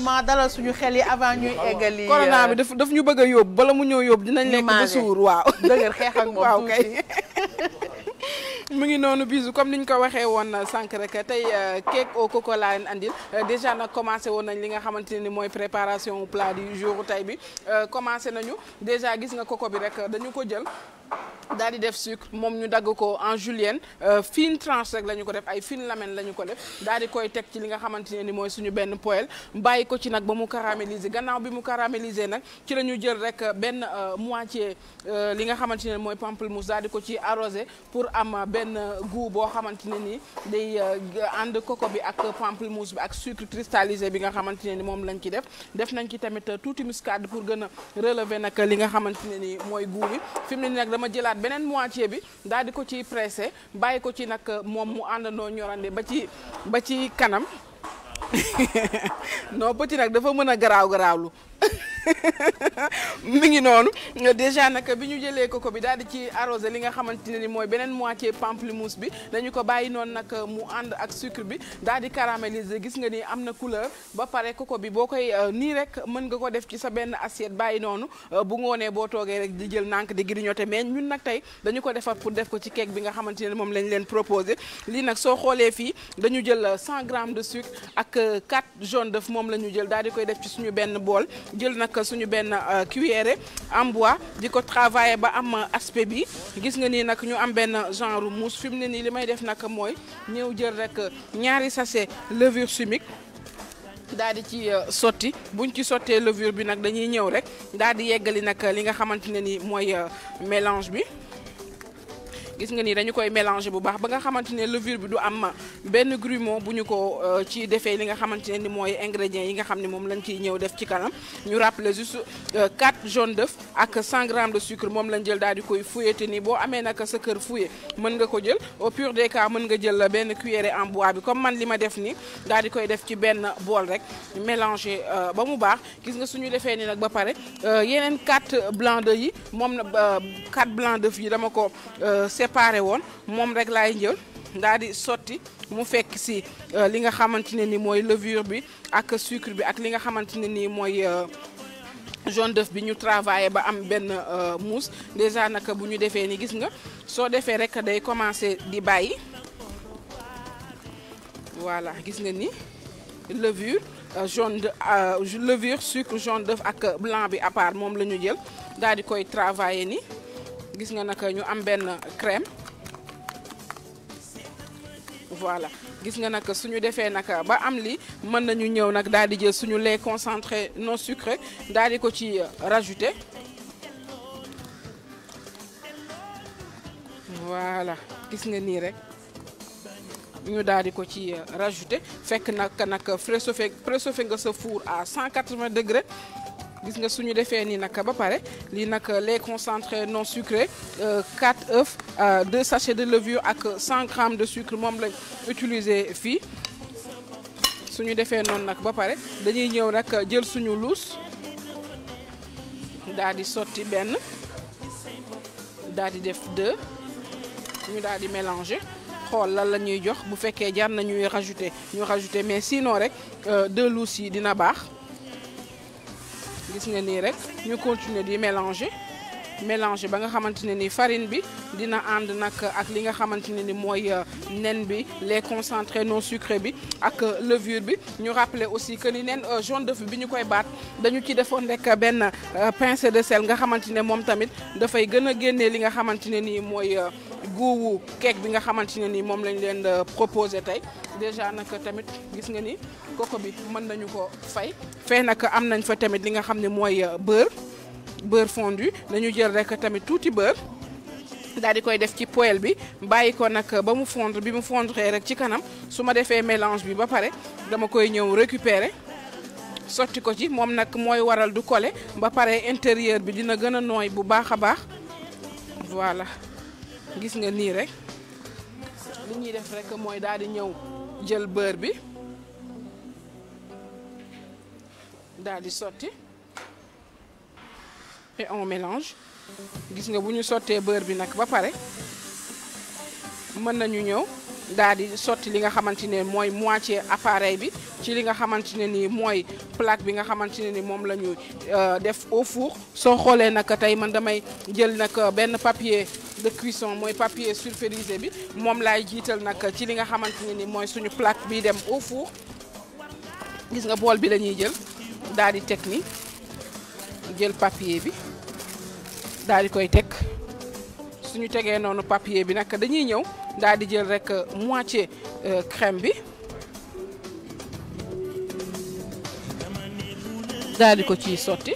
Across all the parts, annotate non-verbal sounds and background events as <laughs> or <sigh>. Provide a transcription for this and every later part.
ma dalal suñu xel yi avant ñuy eggali. corona bi euh, daf daf ñu bëgg a yóbbu bala mu ñëw yóbbu dinañ lekk ba suur waaw. <laughs> dëgër xeex ak moom <laughs> waaw kay. <laughs> mu ngi noonu bisu comme ni ñu ko waxee woon sànq rek tey euh, cake au coco laa leen andil euh, déjà nag commencé woon nañ li nga xamante ne ni mooy préparation plat du jour tey bi commencé nañu déjà gis nga coco bi rek dañu ko jël. daal di def sucre moom ñu dagg ko en julienne euh, fine tranche rek ñu ko def ay fine lamelle la ñu ko def daal di koy teg ci li nga xamante ne ni mooy suñu benn poêle bàyyi ko ci nag ba mu caraméliser gannaaw bi mu caraméliser nag ci la ñu jël rek euh, benn euh, moitié li nga xamante ne mooy pamplemousse daal di ko ci arrosé pour am benn goût boo xamante ne ni day ànd coco bi ak pamplemousse bi ak sucre cristallisé bi nga xamante ne ni moom lañ ci def def nañ ci tamit tuuti muscade pour gën a relever nag li nga xamante ne ni mooy goût bi fi ne ni nag dama jëlaat beneen moitié bi daal di ko ciy pressé bàyyi ko ci nag moom mu ànd àndandoo ñorande ba ci ba ci kanam <laughs> non petit nag dafa mën a garaaw garaawlu <laughs> mu ngi noonu déjà nag bi ñu jëlee coco bi daal di ci arrosé li nga xamante ne ni mooy beneen moitié pamplemousse bi dañu ko bàyyi noonu nag mu ànd ak sucre bi daal di caraméliser gis nga ni am na couleur ba pare coco bi boo koy euh, nii rek mën nga ko def ci sa benn assiette bàyyi noonu euh, bu ngoonee boo toogee rek di jël nànk di grignoter mais ñun nag tey dañu ko defar pour def ko ci cake bi nga xamante ne moom lañ leen proposé lii nag soo xoolee fii dañu jël 100 euh, de sucre ak 4 jaune d'œuf moom la ñu jël daal di koy def ci suñu benn bool jël nag nag suñu benn euh, cuillère en bois di ko travailler ba am euh, aspect bi gis nga ni nag ñu am benn genre mousse fi ne nii li may def nag mooy ñëw jël rek euh, ñaari sachet levure chimique daal di ci sotti buñ ci sottee levure bi nag dañuy ñëw rek daal di yeggali nag li nga xamante ne ni mooy mélange bi gis nga ni dañu koy mélanger bu baax ba nga xamante ne levure bi du am benn grumeau bu ñu ko euh, ci defee li nga xamante ne ni mooy ingrédients yi nga xam ne moom lañ ciy ñëw def ci kanam ñu rappeler juste 4 euh, jaune d'œuf ak 100 grammes de sucre moom lañ jël daal di koy fouetté ni boo amee nag sa kër fouillé mën nga ko jël au pur des cas mën nga jël benn cuillère en bois bi comme man li ma def ni daal di koy def ci benn bool rek mélanger euh, ba mu baax gis nga suñu defee ni nag ba pare yeneen 4 blancs d'œufs yi moom na 4 blancs d'œufs yi dama ko préparé woon moom rek laay jël daal di sotti mu fekk si euh, li nga xamante ne ni mooy levure bi ak sucre bi ak li nga xamante ne nii mooy euh, jaune d'œuf bi ñu travaillé ba am benn euh, mousse déjà naka bu ñu defee ni gis nga soo defee rek day commencé di bàyyi voilà gis nga ni levure jaune de levure sucre jaune d'œuf ak blanc bi à part moom la ñu jël daal di koy travaillé ni gis nga nag ñu am benn crème voilà gis nga nag suñu defee nag ba am li mën nañu ñëw nag daal di jël suñu lait concentré non sucré daal di ko ci euh, rajouter voilà gis nga nii rek ñu daal di ko ci euh, rajouter fekk nag nag euh, préchauffé préchauffé nga sa four à cent 180 degrés gis nga suñu defee nii nag ba pare lii nag lait concentré non sucré 4 euh, œufs 2 euh, sachets de levure ak 100 grammes de sucre moom lañ utiliser fii suñu defee noonu nag ba pare dañuy ñëw nag jël suñu luus daal di sotti benn daal di def deux ñu daal di mélanger xool lan la ñuy jox bu fekkee jar na ñuy rajouter ñu rajouter mais sinon rek euh, deux luus yi dina baax gis nga nii rek ñu continuer di mélanger mélange ba nga xamante ne ni farine bi dina ànd nag ak li nga xamante ne ni mooy euh, nen bi les concentrés non sucrés bi ak euh, levure bi ñu rappeler aussi que ni nen euh, jaune d'œuf bi ñu koy baat dañu ci defoon rek benn pincée de sel nga xamante ne moom tamit dafay gën a génnee li nga xamante ne nii mooy guuwu keek bi nga xamante ne nii moom lañ leen proposé tey déjà nag tamit gis nga ni koko bi mën nañu ko fay fee nag am nañ fa tamit li nga xam ne mooy beurre beurre fondu dañu jël rek tamit tuuti beurre daal di koy def ci poêle bi bàyyi ko nag ba mu fond bi mu fondree rek ci kanam su ma defee mélange bi ba pare dama koy ñëw récupérer sotti ko ci moom nag mooy waral du kole ba pare intérieur bi dina gën a nooy bu baax a baax voilà gis nga nii rek li ñuy def rek mooy daal di ñëw jël beurre bi daal di sotti et on mélange gis nga bu ñu sottee beurre bi nag ba pare mën nañu ñëw daal di sotti li nga xamante ne mooy moitié appareil bi ci li nga xamante ne nii mooy plaque bi nga xamante ne ni moom la ñu euh, def au four soo xoolee nag tey man damay jël nag euh, benn papier de mooy papier sulfurisé bi moom laay jiital nag ci li nga xamante ne ni mooy suñu plaque bi dem au four gis nga bool bi lañuy jël daal di teg jël papier bi daal di koy teg suñu tegee noonu papier bi nag dañuy ñëw daal di jël rek euh, moitié euh, creme bi daadi ko ciy sotti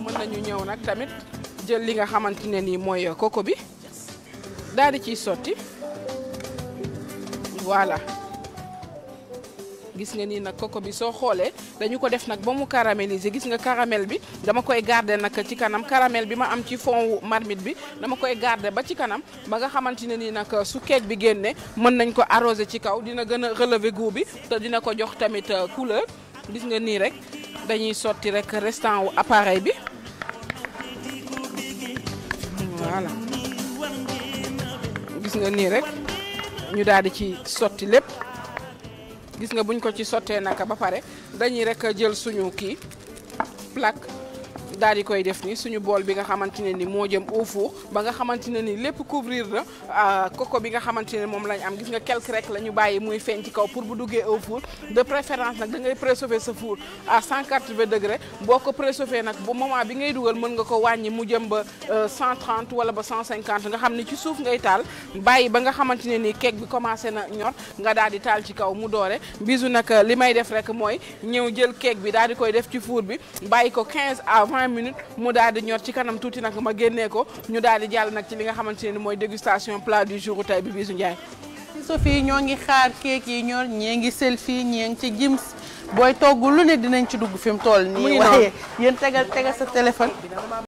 mën nañu ñëw nag tamit jël li nga xamante ne nii mooy coco bi daal ci sotti voilà. gis nga nii nag coco bi soo xoolee dañu ko def nag ba mu caraméliser gis nga caramel bi dama koy garder nag ci kanam caramel bi ma am ci fond wu bi dama koy garder ba ci kanam ba nga xamante ne nii nag su cake bi génne mën nañ ko arroser ci kaw dina gën a relever goût bi te dina ko jox tamit euh, couleur gis nga nii rek dañuy sotti rek restant wu appareil bi voilà gis nga nii rek ñu daal di ci sotti lépp. gis nga buñ ko ci sottee naka ba pare dañuy rek jël suñu kii plaque daal koy def ni suñu bool bi nga xamante ne ni moo jëm au four ba nga xamante ne ni lépp couvrir na euh, coco bi nga xamante ne moom lañ am gis nga quelque rek la ñu bàyyi muy feeñ ci kaw pour bu duggee au four de préférence nag da ngay préchauffer sa four à 180 degrés boo ko préchauffer nag bu moment bi ngay dugal mën nga ko wàññi mu jëm ba 130 euh, wala ba 150 nga xam ne ci suuf ngay taal bàyyi ba nga xamante ne ni cake bi commencé na ñor nga daal di taal ci kaw mu doore bisu nag euh, li may def rek mooy ñëw jël cake bi daal di koy def ci four bi 20 minutes mu daal di ñor ci kanam tuuti nag ma génne ko ñu daal di jàll nag ci li nga xamante ne mooy dégustation plat du jour tey bi Bijou Ndiaye. Sophie ñoo ngi xaar keek yi ñor ñee ngi selfie ñee ngi ci jims booy togg lu ne dinañ ci dugg fi mu toll nii. waaye yéen tegal tegal sa téléphone.